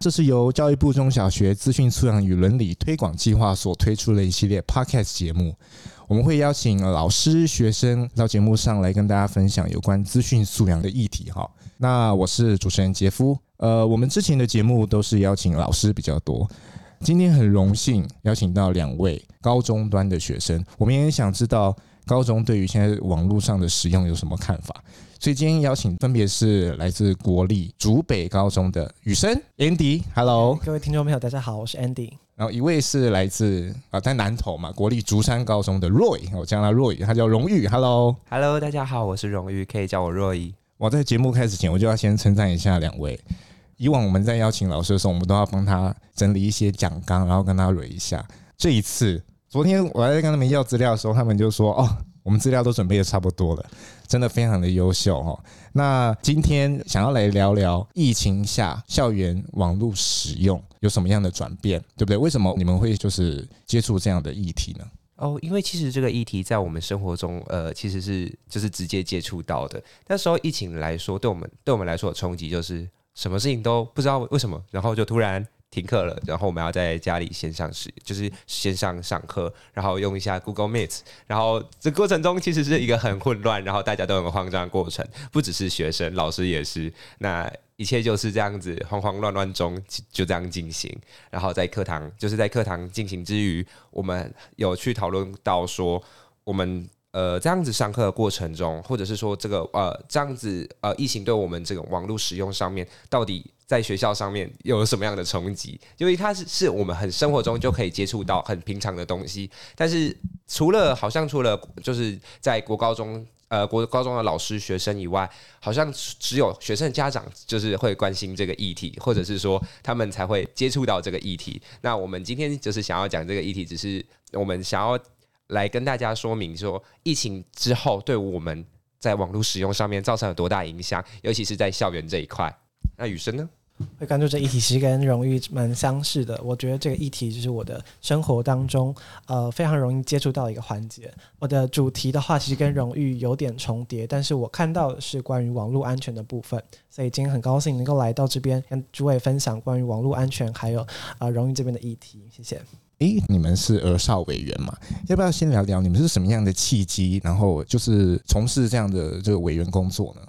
這是由教育部中小學資訊素養與倫理推廣計劃所推出的一系列 Podcast 節目。我們會邀請老師、學生到節目上來跟大家分享有關資訊素養的議題。哈，那我是主持人傑夫。呃，我們之前的節目都是邀請老師比較多，今天很榮幸邀請到兩位高中端的學生。我們也想知道高中對於現在網絡上的使用有什麼看法。最近邀請分別是來自國立竹北高中的雨生 Andy。Hello，各位聽眾朋友，大家好，我是 Andy。然後一位是來自啊，在南投嘛，國立竹山高中的 Roy，我叫他 Roy，他叫榮譽，Hello，Hello，大家好，我是榮譽，可以叫我若一。我在節目開始前，我就要先稱讚一下兩位。以往我們在邀請老師的時候，我們都要幫他整理一些講綱，然後跟他捋一下。這一次，昨天我在跟他們要資料的時候，他們就說哦。我們資料都準備得差不多了，真的非常的優秀哈、哦，那今天想要來聊聊疫情下校園網絡使用有什麼樣的轉變，對不對？為什麼你們會就是接觸這樣的議題呢？哦，因為其實這個議題在我們生活中，呃，其實是就是直接接觸到的。那時候疫情來說，對我們對我們來說的衝擊就是什麼事情都不知道為什麼，然後就突然。停課了，然後我們要在家裡線上試，就是線上上課，然後用一下 Google Meet，然後這過程中其實是一個很混亂，然後大家都很慌張的過程，不只是學生，老師也是，那一切就是這樣子慌慌亂亂中就這樣進行，然後在課堂就是在課堂進行之餘，我們有去討論到說我們。呃，這樣子上課的過程中，或者是說這個呃，這樣子呃，疫情對我們這個網絡使用上面，到底在學校上面有什麼樣的衝擊？因為它是是我們很生活中就可以接觸到很平常的東西，但是除了好像除了就是在國高中呃國高中的老師學生以外，好像只有學生家長就是會關心這個議題，或者是說他們才會接觸到這個議題。那我們今天就是想要講這個議題，只是我們想要。來跟大家說明說，疫情之後對我們在網絡使用上面造成了多大影響，尤其是在校園這一塊。那宇昇呢，會關注這議題其實跟融諭蠻相似的。我覺得這個議題就是我的生活當中呃非常容易接觸到一個環節。我的主題的話其實跟融諭有點重疊，但是我看到的是關於網絡安全的部分，所以今天很高興能夠來到這邊跟諸位分享關於網絡安全還有啊、呃、融諭這邊的議題，謝謝。誒，你們是兒少委員嗎？要不要先聊聊你們是什麼樣的契機，然後就是從事這樣的這個委員工作呢？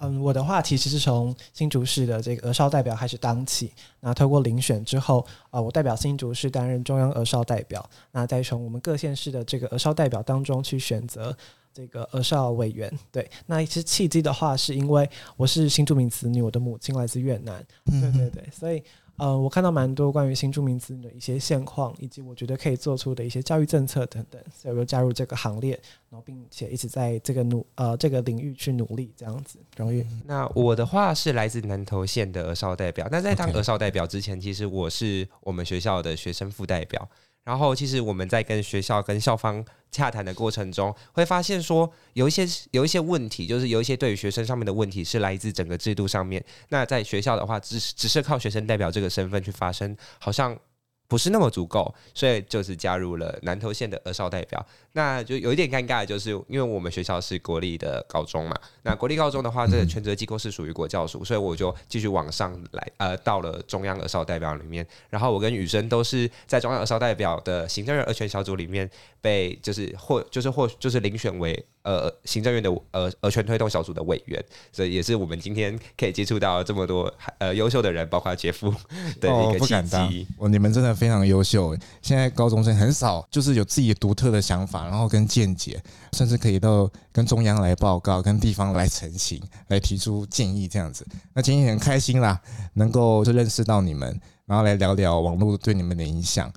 嗯，我的話其實是從新竹市的這個兒少代表開始當起，那透過遴選之後啊、呃，我代表新竹市擔任中央兒少代表，那再從我們各縣市的這個兒少代表當中去選擇這個兒少委員。對，那其實契機的話，是因為我是新住民子女，我的母親來自越南，對對對，對，嗯、哼所以。呃，我看到蠻多關於新住民子女的一些現況，以及我覺得可以做出的一些教育政策等等，所以我就加入這個行列，然後並且一直在這個努呃這個領域去努力這樣子。融諭，那我的話是來自南投縣的兒少代表，那在當兒少代表之前，Okay. 其實我是我們學校的學生副代表。然後，其實我們在跟學校、跟校方洽談的過程中，會發現說有一些有一些問題，就是有一些對於學生上面的問題是來自整個制度上面。那在學校的話，只只是靠學生代表這個身份去發聲，好像不是那麼足夠，所以就是加入了南投縣的兒少代表。那就有一點尷尬，就是因為我們學校是國立的高中嘛。那國立高中的話，這個權責機構是屬於國教署，嗯、哼所以我就繼續往上來，呃，到了中央兒少代表裡面。然後我跟宇昇都是在中央兒少代表的行政院兒權小組裡面被、就是，就是或就是或就是遴選為呃行政院的呃兒權推動小組的委員。所以也是我們今天可以接觸到這麼多呃優秀的人，包括杰夫的一個契機、哦。哦，你們真的非常優秀。現在高中生很少就是有自己獨特的想法。然後跟見解，甚至可以到跟中央來報告，跟地方來陳情，來提出建議這樣子。那今天也很開心啦，能夠就認識到你們，然後來聊聊網絡對你們的影響。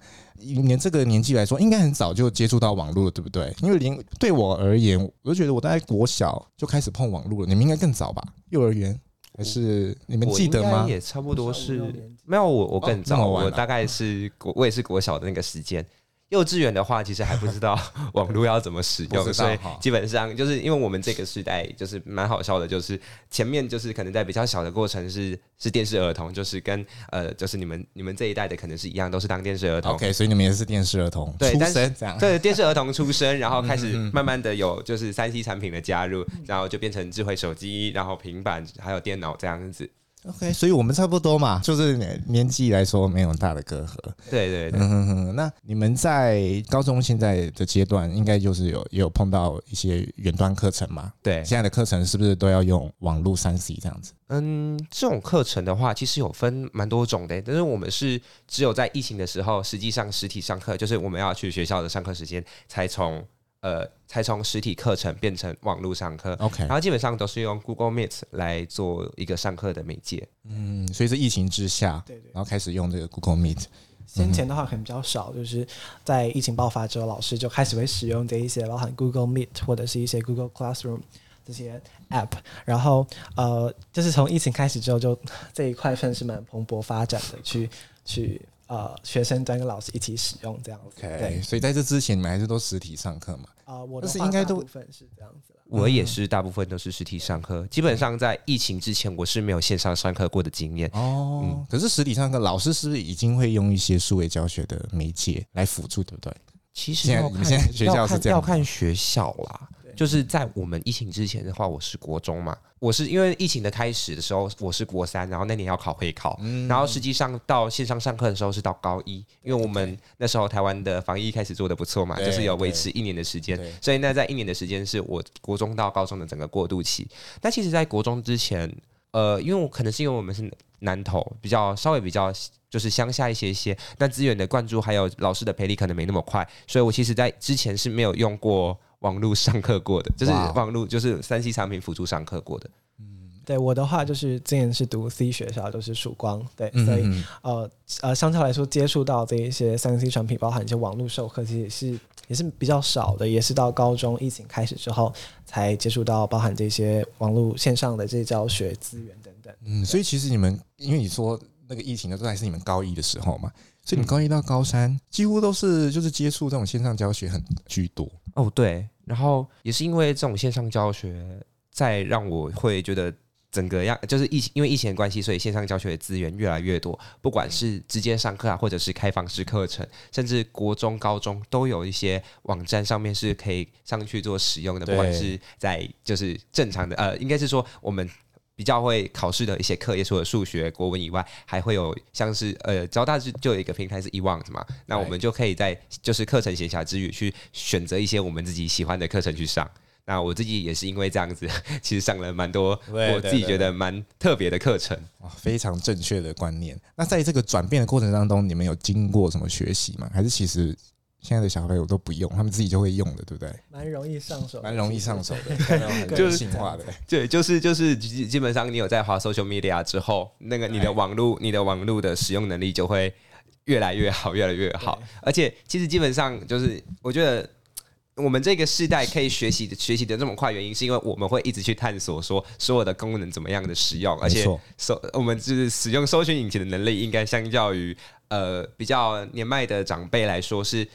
你這個年紀來說，應該很早就接觸到網絡了，對不對？因為連對我而言，我就覺得我大概國小就開始碰網絡了。你們應該更早吧？幼兒園還是你們記得嗎？也差不多是，沒有我我更早，哦這麼晚啊，我大概是國我，我也是國小的那個時間。幼稚園的話，其實還不知道網路要怎麼使用，所以基本上就是因為我們這個時代就是蠻好笑的，就是前面就是可能在比較小的過程是，是電視兒童，就是跟呃就是你們你們這一代的可能是一樣，都是當電視兒童。OK，所以你們也是電視兒童，對但是對，電視兒童出生，然後開始慢慢的有就是三 C 產品的加入，然後就變成智慧手機，然後平板還有電腦這樣子。OK，所以我們差不多嘛，就是年紀來說沒有大的隔閡。對對對、嗯，那你們在高中現在的階段，應該就是有也有碰到一些遠端課程嘛？對，現在的課程是不是都要用網路三 C 這樣子？嗯，這種課程的話，其實有分蠻多種的、欸，但是我們是只有在疫情的時候，實際上實體上課，就是我們要去學校的上課時間才從。呃，才從實體課程變成網絡上課，OK，然後基本上都是用 Google Meet 來做一個上課的媒介。嗯，所以是疫情之下，對對對，然後開始用這個 Google Meet。先前的話可能比較少，就是在疫情爆發之後，老師就開始會使用這一些，然後含 Google Meet 或者是一些 Google Classroom 這些 App。然後呃，就是從疫情開始之後就，就這一塊算是蠻蓬勃發展的，去去。啊、呃，學生端跟老師一起使用這樣子，okay, 對，所以在這之前你們還是都實體上課嘛？啊、呃，我的話大部分是這樣子了。嗯、我也是大部分都是實體上課，嗯、基本上在疫情之前我是沒有線上上課過的經驗、嗯、哦。嗯、可是實體上課，老師是不是已經會用一些數位教學的媒介來輔助，對不對？其實，我們現在學校是這樣，要看學校啦。就是在我們疫情之前的話，我是國中嘛，我是因為疫情的開始的時候，我是國三，然後那年要考會考，然後實際上到線上上課的時候是到高一，因為我們那時候台灣的防疫開始做得不錯嘛，就是有維持一年的時間，所以那在一年的時間是我國中到高中的整個過渡期。但其實，在國中之前，呃，因為我可能是因為我們是南投，比較稍微比較就是鄉下一些一些，但資源的灌注還有老師的培力可能沒那麼快，所以我其實，在之前是沒有用過。網絡上課過的，就是網絡，就是三 C 產品輔助上課過的。嗯 Wow，對，我的話就是之前是讀 C 學校，就是曙光，對，所以嗯嗯呃呃，相對來說接觸到這一些三 C 產品，包含一些網絡授課，其實也是也是比較少的，也是到高中疫情開始之後才接觸到，包含這些網絡線上的這些教學資源等等。嗯，所以其實你們，因為你說那個疫情的時候還是你們高一的時候嘛，所以你們高一到高三幾乎都是就是接觸這種線上教學很居多。嗯、哦，對。然後也是因為這種線上教學，在讓我會覺得整個樣就是疫情，因為疫情的關係，所以線上教學的資源越來越多。不管是直接上課啊，或者是開放式課程，甚至國中、高中都有一些網站上面是可以上去做使用的。不管是在就是正常的呃，應該是說我們。比較會考試的一些課，除了數學、國文以外，還會有像是呃，交大就就有一個平台是 e 望 n 嘛，那我們就可以在就是課程閒暇之餘去選擇一些我們自己喜歡的課程去上。那我自己也是因為這樣子，其實上了蠻多，對對對，我自己覺得蠻特別的課程哦。非常正確的觀念。那在這個轉變的過程當中，你們有經過什麼學習嗎？還是其實？現在的小朋友都不用，他們自己就會用的，對不對？蠻容易上手，蠻容易上手的，很人性化的就是的。對，就是就是，基本上你有在滑 social media 之後，那個你的網絡，唉你的網絡的使用能力就會越來越好，越來越好。對而且其實基本上就是，我覺得我們這個世代可以學習的學習的這麼快，原因是因為我們會一直去探索，說所有的功能怎麼樣的使用，錯而且搜我們就是使用搜尋引擎的能力，應該相較於呃比較年邁的長輩來說是。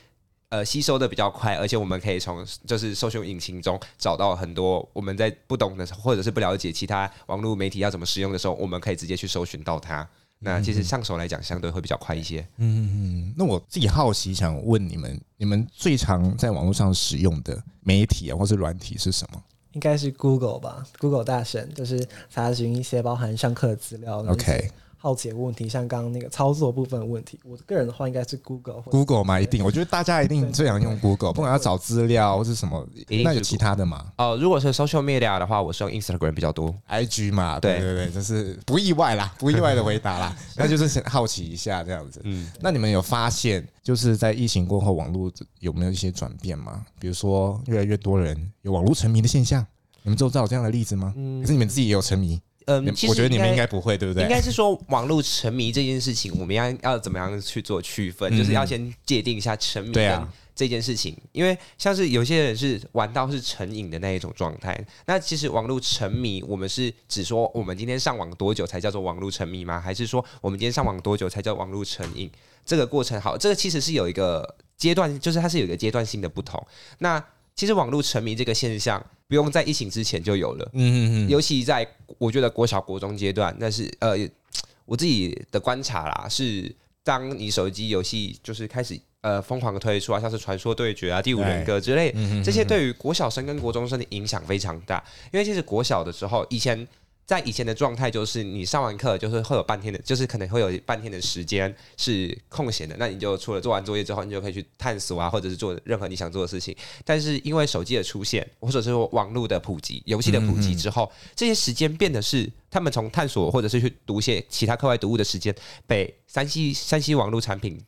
呃，吸收的比較快，而且我們可以從就是搜尋引擎中找到很多我們在不懂的或者是不了解其他網絡媒體要怎麼使用的時候，我們可以直接去搜尋到它。嗯、那其實上手來講，相對會比較快一些。嗯，那我自己好奇想問你們，你們最常在網絡上使用的媒體、啊、或是軟體是什麼？應該是 Google 吧，Google 大神就是查詢一些包含上課資料的。OK。好奇的問題，像剛剛那個操作部分的問題，我個人的話應該是 Go Google。Google 嘛，一定，對我覺得大家一定最常用 Google，對不管要找資料或是什麼，對那有其他的嘛哦，如果是 Social Media 的話，我是用 Instagram 比較多，IG 嘛，對，對對對，這、就是不意外啦， 不意外的回答啦，那 就是好奇一下這樣子。嗯，那你們有發現就是在疫情過後，網絡有沒有一些轉變嗎？比如說越來越多人有網絡沉迷的現象，你們都知道有這樣的例子嗎？可是你們自己也有沉迷。嗯嗯，其實我覺得你們應該不會，對不對？應該是說網絡沉迷這件事情，我們要要怎麼樣去做區分？就是要先界定一下沉迷啊這件事情，因為像是有些人是玩到是成癮的那一種狀態。那其實網絡沉迷，我們是只說我們今天上網多久才叫做網絡沉迷嗎？還是說我們今天上網多久才叫網絡成癮？這個過程好，這個其實是有一個階段，就是它是有一個階段性的不同。那其實網絡沉迷這個現象，不用在疫情之前就有了。嗯嗯，尤其在我覺得國小國中階段，但是呃，我自己的觀察啦，是當你手機遊戲就是開始呃瘋狂的推出啊，像是《傳說對決》啊、《第五人格》之類，這些對於國小生跟國中生的影響非常大，因為其實國小的時候以前。在以前的狀態，就是你上完課，就是會有半天的，就是可能會有半天的時間是空閒的，那你就除了做完作業之後，你就可以去探索啊，或者是做任何你想做的事情。但是因為手機的出現，或者是網絡的普及、遊戲的普及之後，嗯嗯這些時間變得是他們從探索或者是去讀一些其他課外讀物的時間，被 3C、3C 網路產品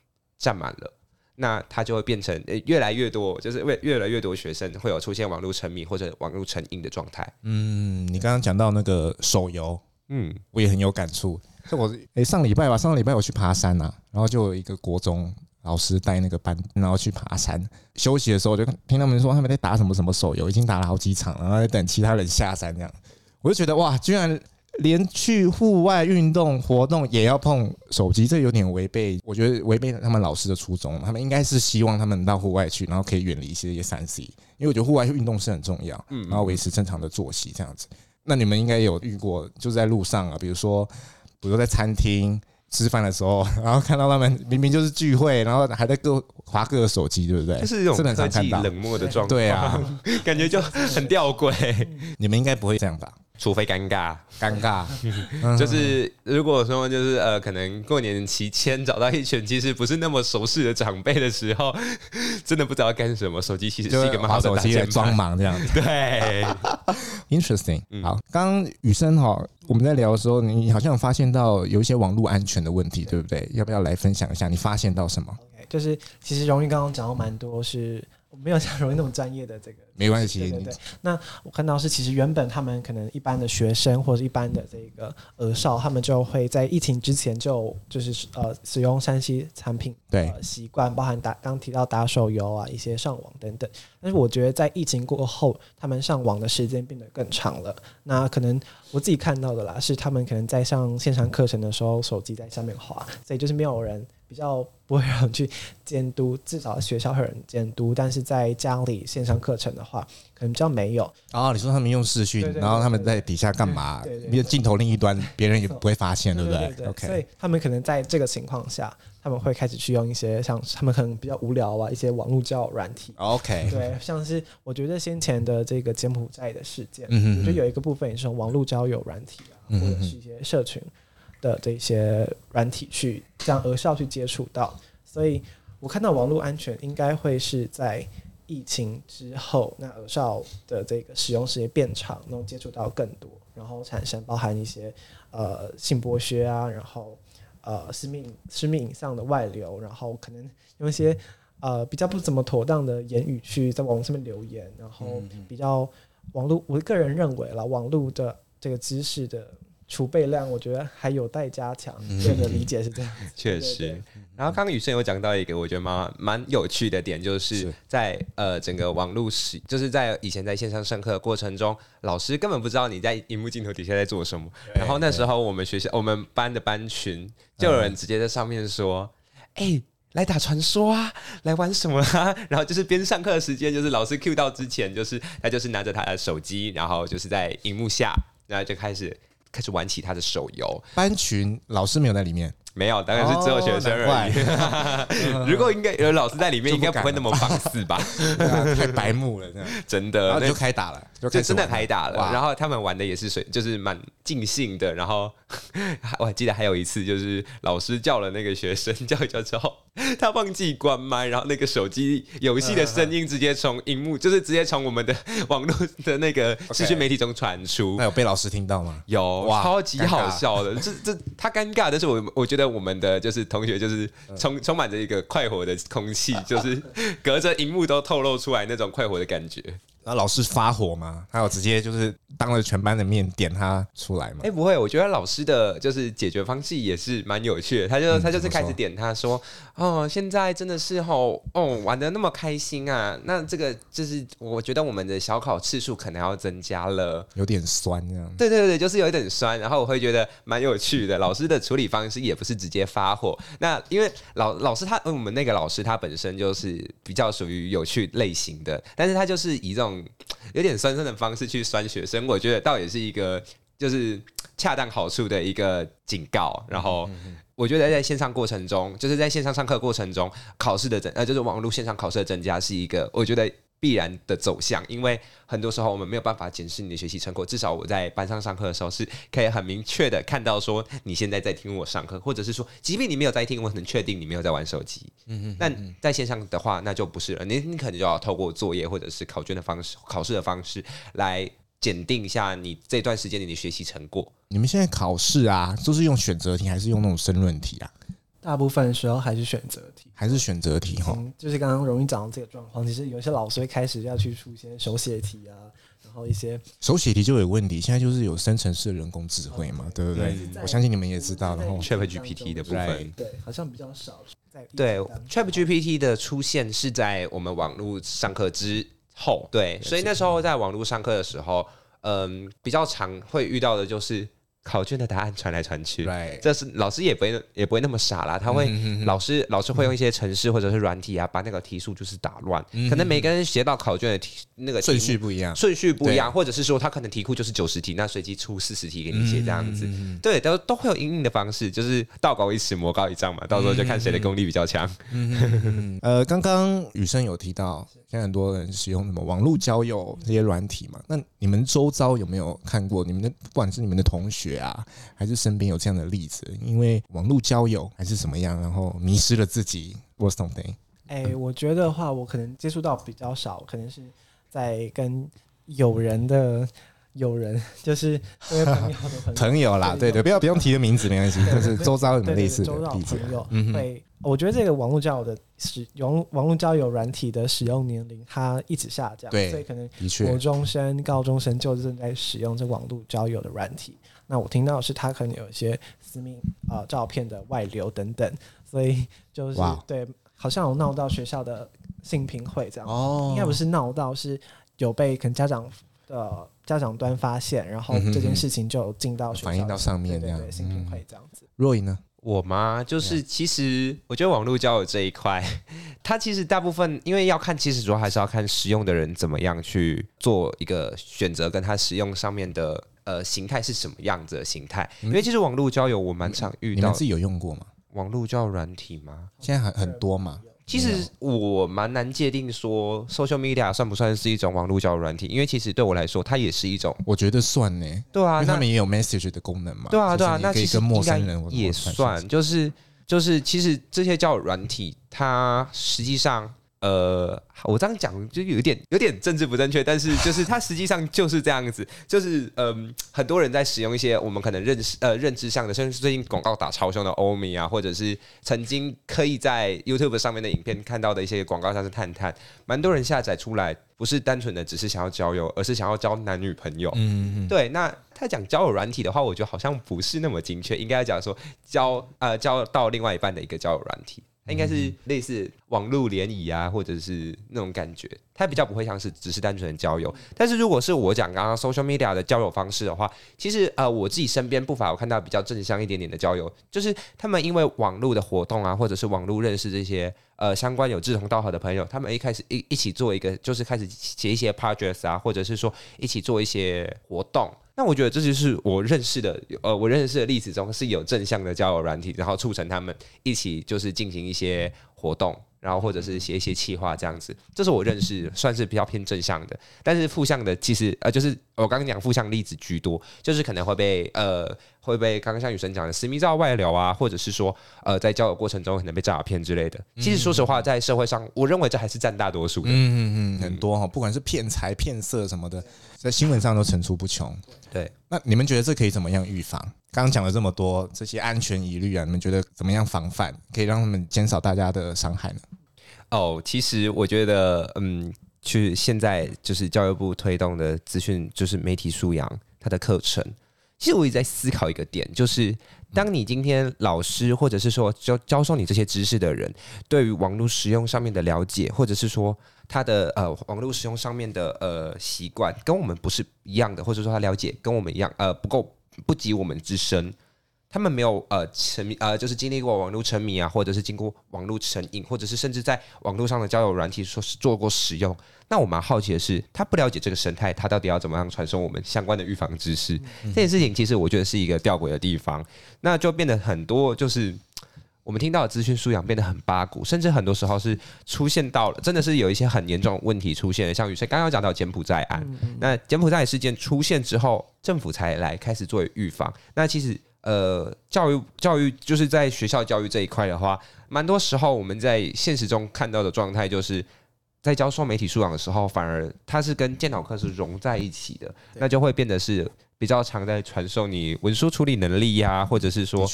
佔滿了。那他就會變成越來越多，就是為越來越多學生會有出現網絡沉迷或者網絡成癮的狀態。嗯，你剛剛講到那個手遊，嗯，我也很有感觸。就我誒、欸，上禮拜吧，上禮拜我去爬山吶、啊，然後就有一個國中老師帶那個班，然後去爬山，休息的時候我就聽他們說他們在打什麼什麼手遊，已經打了好幾場，然後在等其他人下山這樣，我就覺得哇，居然。連去戶外運動活動也要碰手機，這有點違背。我覺得違背他們老師的初衷，他們應該是希望他們到戶外去，然後可以遠離一些三 C。因為我覺得戶外運動是很重要，嗯，然後維持正常的作息這樣子。嗯嗯，那你們應該有遇過，就是在路上啊，比如說，比如說在餐廳吃飯的時候，然後看到他們明明就是聚會，然後還在各劃各個手機，對不對？這是一種科技冷漠的狀況。對啊， 感覺就很吊詭、欸。 你們應該不會這樣吧？除非尷尬，尷尬， 就是如果說就是呃，可能過年期間找到一群其實不是那麼熟悉的長輩的時候，真的不知道幹什麼，手機其實是一個蠻好的打機的光這樣子對。 Interesting。好，剛剛宇昇哈，我們在聊的時候，你好像有發現到有一些網絡安全的問題，對不對？要不要來分享一下你發現到什麼？Okay, 就是其實融諭剛剛講到蠻多是。沒有像融諭那麼專業的這個，沒關係。對對對。那我看到是，其實原本他們可能一般的學生或者一般的這個兒少，他們就會在疫情之前就就是呃使用山西產品，對、呃、習慣，包含打剛提到打手遊啊，一些上網等等。但是我覺得在疫情過後，他們上網的時間變得更長了。那可能我自己看到的啦，是他們可能在上線上課程的時候，手機在上面滑，所以就是沒有人，比較不會有人去監督，至少學校有人監督。但是在家裡線上課程的話，可能比較沒有然後、哦、你說他們用視訊，然後他們在底下幹嘛？因為鏡頭另一端別人也不會發現，對,對,對,對,對不對,對,對,對,對？OK，所以他們可能在這個情況下，他們會開始去用一些像他們可能比較無聊啊，一些網絡交友軟體。OK，對，像是我覺得先前的這個柬埔寨的事件，嗯、哼哼我覺得有一個部分也是網絡交友軟體、啊嗯、哼哼或者是一些社群。的這些軟體去讓兒少去接觸到，所以我看到網絡安全應該會是在疫情之後，那兒少的這個使用時間變長，能接觸到更多，然後產生包含一些呃性剝削啊，然後呃私密私密影像的外流，然後可能用一些呃比較不怎麼妥當的言語去在網絡上面留言，然後比較網絡，我個人認為啦，網絡的這個知識的。儲備量，我覺得還有待加強。這個理解是這樣，確、嗯、實。然後剛剛宇昇有講到一個我覺得蠻蠻有趣的點，就是在是呃整個網絡時，就是在以前在線上上課的過程中，老師根本不知道你在熒幕鏡頭底下在做什麼。對對對，然後那時候我們學校我們班的班群就有人直接在上面說：“哎、嗯欸，來打傳說啊，來玩什麼啊？”然後就是邊上課的時間，就是老師 cue 到之前，就是他就是拿着他的手機，然後就是在熒幕下，然後就開始。開始玩起他的手遊，班群老師沒有在裡面，沒有，當然是只有學生而已。哦、 如果應該有老師在裡面，應該不會那麼放肆吧？ 啊、太白目了，啊、 真的，那就開打了。就，就真的開打了，哇然後他們玩的也是水，就是蠻盡興的。然後我還記得還有一次，就是老師叫了那個學生叫一叫之後，他忘記關麥，然後那個手機遊戲的聲音直接從熒幕，嗯嗯嗯、就是直接從我們的網絡的那個視訊媒體中傳出。還、okay、有被老師聽到嗎？有，哇超級好笑的。這這他尷尬，尬 但是我我覺得我們的就是同學就是充、嗯、充滿着一個快活的空氣，就是隔着熒幕都透露出來那種快活的感覺。然後老師發火嘛，他有直接就是當着全班的面點他出來嘛。哎，欸、不會，我覺得老師的就是解決方式也是蠻有趣的，他就、嗯、他就是開始點他說。哦，現在真的是吼哦，玩得那麼開心啊！那這個就是，我覺得我們的小考次數可能要增加了，有點酸這樣。對對對對，就是有一點酸，然後我會覺得蠻有趣的。老師的處理方式也不是直接發火，那因為老老師他、嗯，我們那個老師他本身就是比較屬於有趣類型的，但是他就是以這種有點酸酸的方式去酸學生，我覺得倒也是一個就是。恰當好處的一個警告，然後我覺得在線上過程中，就是在線上上課過程中，考試的增呃，就是網絡線上考試的增加是一個我覺得必然的走向，因為很多時候我們沒有辦法檢視你的學習成果。至少我在班上上課的時候，是可以很明確的看到說你現在在聽我上課，或者是說，即便你沒有在聽，我很確定你沒有在玩手機。嗯嗯嗯哼。但在線上的話，那就不是了，你你可能就要透過作業或者是考卷的方式，考試的方式來。檢定一下你這段時間你的學習成果。你們現在考試啊，都是用選擇題還是用那種申論題啊？大部分時候還是選擇題，還是選擇題哈。就是剛剛融諭講到這個狀況，其實有些老師會開始要去出一些手寫題啊，然後一些手寫題就有問題。現在就是有深層式的人工智慧嘛，對不對？我相信你們也知道了。然後 ChatGPT 的部分，對，好像比較少。對，ChatGPT 的出現是在我們網絡上課之。後對，所以那時候在網絡上課的時候，嗯，比較常會遇到的就是考卷的答案傳來傳去，對，這是老師也不會也不會那麼傻啦，他會老師老師會用一些程式或者是軟體啊，把那個題數就是打亂，可能每個人寫到考卷的題那個順序不一樣，順序不一樣，或者是說他可能題庫就是九十題，那隨機出四十題給你寫這樣子，對，都都會有因應的方式，就是道高一尺，魔高一丈嘛，到時候就看誰的功力比較強。呃，剛剛宇昇有提到。現在很多人使用什麼網絡交友這些軟體嘛？那你們周遭有沒有看過？你們的，不管是你們的同學啊，還是身邊有這樣的例子，因為網絡交友還是什麼樣，然後迷失了自己，或是 something？哎，我覺得話我可能接觸到比較少，可能是在跟友人的友人，就是朋友的朋友， 朋友啦。對，對對，不要不用提個名字， 沒關係，就是周遭有類似的例子，對對對，周遭朋友，對、 嗯。我覺得這個網絡交友的使用網絡交友軟體的使用年齡，它一直下降，對所以可能國中生、高中生就正在使用這網絡交友的軟體。那我聽到是它可能有一些私密、呃、照片的外流等等，所以就是哇對，好像有鬧到學校的性平會這樣哦，應該不是鬧到，是有被可能家長的家長端發現，然後這件事情就進到學校到上面對對對，性平會這樣子。融諭呢？我嗎？就是其實我覺得網絡交友這一塊，它其實大部分因為要看，其實主要還是要看使用的人怎麼樣去做一個選擇，跟它使用上面的呃形態是什麼樣子的形態。因為其實網絡交友我蠻常遇到、嗯，你自己有用過嗎？網絡交友軟體嗎？現在很很多嘛。其實我蠻難界定說，social media 算不算是一種網絡交友軟體，因為其實對我來說，它也是一種。我覺得算呢。對啊，那因為他們也有 message 的功能嘛。對啊對啊，對啊個那其實陌生人也算、就是。就是就是，其實這些交友軟體，它實際上。呃，我這樣講就有點有點政治不正確，但是就是它實際上就是這樣子，就是嗯、呃，很多人在使用一些我們可能認識呃認知上的，像是最近廣告打超凶的歐米啊，或者是曾經可以在 YouTube 上面的影片看到的一些廣告，像是探探，蠻多人下載出來，不是單純的只是想要交友，而是想要交男女朋友。嗯，嗯，嗯，對，那他講交友軟體的話，我覺得好像不是那麼精確，應該講說交呃交到另外一半的一個交友軟體。應該是類似網絡聯誼啊，或者是那種感覺，它比較不會像是只是單純的交友。但是如果是我講剛剛 social media 的交友方式的話，其實呃，我自己身邊不乏我看到比較正向一點點的交友，就是他們因為網絡的活動啊，或者是網絡認識這些呃相關有志同道合的朋友，他們一開始一一起做一個，就是開始寫一些 projects 啊，或者是說一起做一些活動。那我覺得這就是我認識的，呃，我認識的例子中是有正向的交友軟體，然後促成他們一起就是進行一些活動，然後或者是寫一些企劃這樣子，這是我認識算是比較偏正向的。但是負向的其實呃，就是我剛剛講負向例子居多，就是可能會被呃。會被剛剛像宇昇講的私密照外流啊，或者是說呃，在交友過程中可能被詐騙之類的。其實說實話，在社會上，我認為這還是占大多數的嗯。嗯嗯嗯，很多哈，嗯、不管是騙財騙色什麼的，在新聞上都層出不窮。對，那你們覺得這可以怎麼樣預防？剛剛講了這麼多這些安全疑慮啊，你們覺得怎麼樣防範，可以讓他們減少大家的傷害呢？哦，其實我覺得，嗯，去現在就是教育部推動的資訊，就是媒體素養，它的課程。其實我也在思考一個點，就是當你今天老師或者是說教教授你這些知識的人，對於網絡使用上面的了解，或者是說他的呃網絡使用上面的呃習慣，跟我們不是一樣的，或者說他了解跟我們一樣呃不夠不及我們之深。他們沒有呃沉迷呃就是經歷過網絡沉迷啊，或者是經過網絡成癮，或者是甚至在網絡上的交友軟體說是做過使用。那我蠻好奇的是，他不了解這個生態，他到底要怎麼樣傳授我們相關的預防知識？嗯、哼這件事情其實我覺得是一個弔詭的地方，那就變得很多，就是我們聽到的資訊素養變得很八股，甚至很多時候是出現到了，真的是有一些很嚴重的問題出現，像宇昇剛剛講到柬埔寨案，嗯、哼那柬埔寨事件出現之後，政府才來開始做預防。那其實。呃，教育教育就是在學校教育這一塊的話，蠻多時候我們在現實中看到的狀態，就是在教授媒體素養的時候，反而它是跟電腦課是融在一起的，那就會變得是比較常在傳授你文書處理能力呀，或者是說，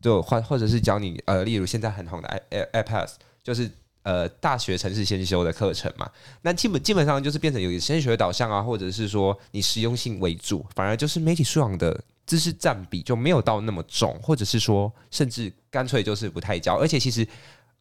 就或或者是教你呃，例如現在很紅的 i p p a s 就是呃大學城市先修的課程嘛，那基本基本上就是變成有升學導向啊，或者是說以實用性為主，反而就是媒體素養的。知識佔比就沒有到那麼重，或者是說，甚至乾脆就是不太教。而且其實，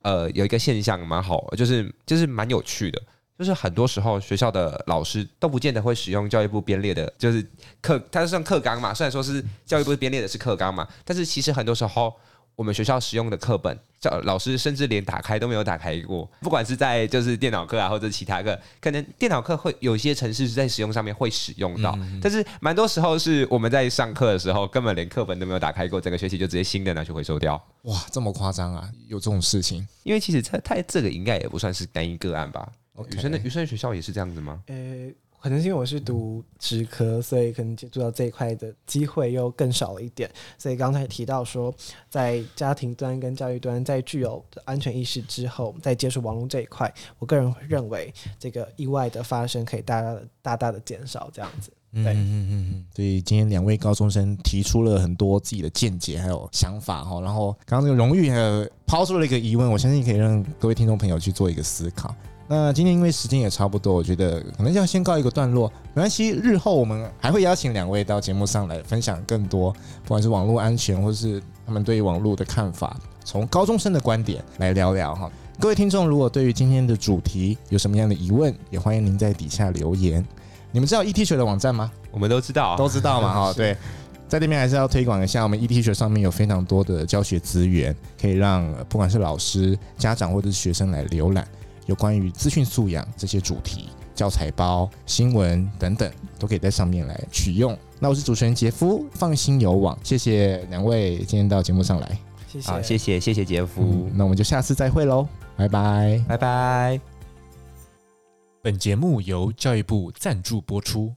呃，有一個現象蠻好，就是就是蠻有趣的，就是很多時候學校的老師都不見得會使用教育部編列的，就是課，它是算課綱嘛。雖然說是教育部編列的是課綱嘛，但是其實很多時候。我們學校使用的課本，教老師甚至連打開都沒有打開過。不管是在就是電腦課啊，或者其他課，可能電腦課會有些程式，是在使用上面會使用到，但是蠻多時候是我們在上課的時候根本連課本都沒有打開過，整個學期就直接新的拿去回收掉。哇，這麼誇張啊！有這種事情？因為其實它它這個應該也不算是單一個案吧？宇 Okay. 昇的宇昇的學校也是這樣子嗎？誒。欸可能是因為我是讀職科，所以可能接觸到這一塊的機會又更少了一點。所以剛才提到說，在家庭端跟教育端，在具有安全意識之後，在接觸網絡這一塊，我個人認為這個意外的發生可以大大、大大的減少。這樣子，對，嗯嗯嗯。所以今天兩位高中生提出了很多自己的見解還有想法哈。然後，剛剛這個融諭還有拋出了一個疑問，我相信可以讓各位聽眾朋友去做一個思考。那今天因為時間也差不多，我覺得可能要先告一個段落。沒關係，日後我們還會邀請兩位到節目上來分享更多，不管是網絡安全，或是他們對網絡的看法，從高中生的觀點來聊聊哈。各位聽眾，如果對於今天的主題有什麼樣的疑問，也歡迎您在底下留言。你們知道 eT 學的網站嗎？我們都知道，都知道嘛哈。 是對，在這邊還是要推廣一下，我們 eT 學上面有非常多的教學資源，可以讓不管是老師、家長或者是學生來瀏覽。有關於資訊素養這些主題教材包、新聞等等，都可以在上面來取用。那我是主持人傑夫，放心遊網，謝謝兩位今天到節目上來，好謝，謝、哦，謝謝，謝謝傑夫，嗯、那我們就下次再會嘍，拜拜，拜拜。本節目由教育部贊助播出。